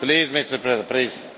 Please, Mr. President, please.